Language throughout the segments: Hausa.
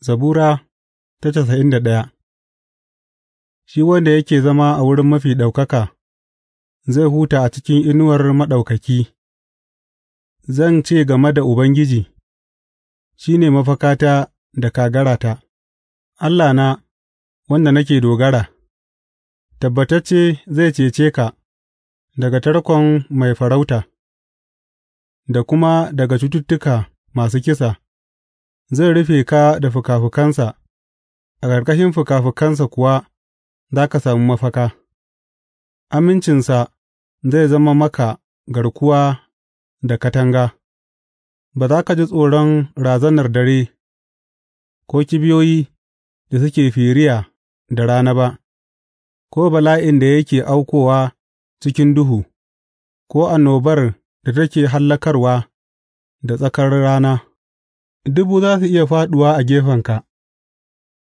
Zabura ta casa'in da ɗaya Shi wanda yake zama a wurin Mafi Ɗaukaka zai huta a cikin inuwar Maɗaukaki; zan ce game da Ubangiji, Shi ne mafakata da kagarata, na, wanda nake dogara, tabbatacce zai cece ka daga tarkon mai farauta da kuma daga cututtuka masu kisa. Zai rufe ka da fikafikansa, a ƙarƙashin fikafikansa kuwa za ka sami mafaka; amincinsa zai zama maka garkuwa da katanga, ba za ka ji tsoron razanar dare, ko kibiyoyi da suke firiya da rana ba, ko bala'in da yake aukowa cikin duhu, ko annobar da take hallakarwa da tsakar rana. Dubu za su iya fāɗuwa a gefenka,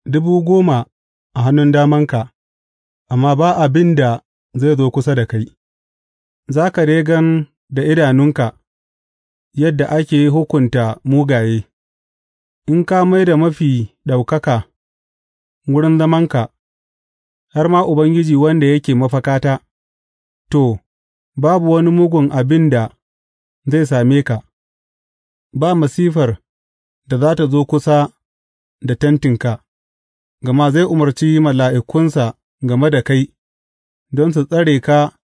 dubu goma a hannun damanka, amma ba abin da zai zo kusa da kai; za ka regan da idanunka yadda ake hukunta mugaye, in ka mai da Mafi Ɗaukaka wurin zamanka, har ma Ubangiji wanda yake mafakata, to, babu wani mugun abin da zai same ka, ba masifar. da za tă zo kusa da tentinka, gama zai umarci mala'ikunsa game da kai, don su tsare ka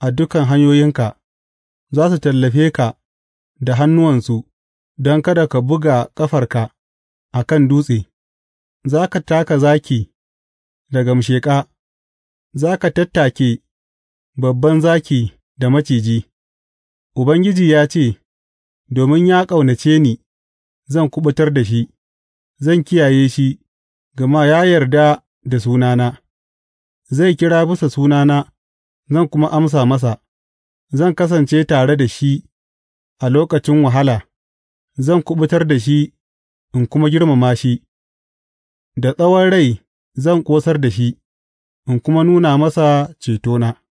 a dukan hanyoyinka, za su tallafe ka da hannuwansu, don kada ka buga ƙafarka a kan dutse, za ka taka zaki da gamsheƙa, za ka tattake babban zaki da maciji. Ubangiji ya ce, Domin ya ƙaunace ni, zan kuɓutar da shi, zan kiyaye shi, gama ya yarda da sunana, zai kira bisa sunana, zan kuma amsa masa, zan kasance tare da shi a lokacin wahala, zan kuɓutar da shi in kuma girmama shi, da tsawon rai zan ƙosar da shi, in kuma nuna masa cetona.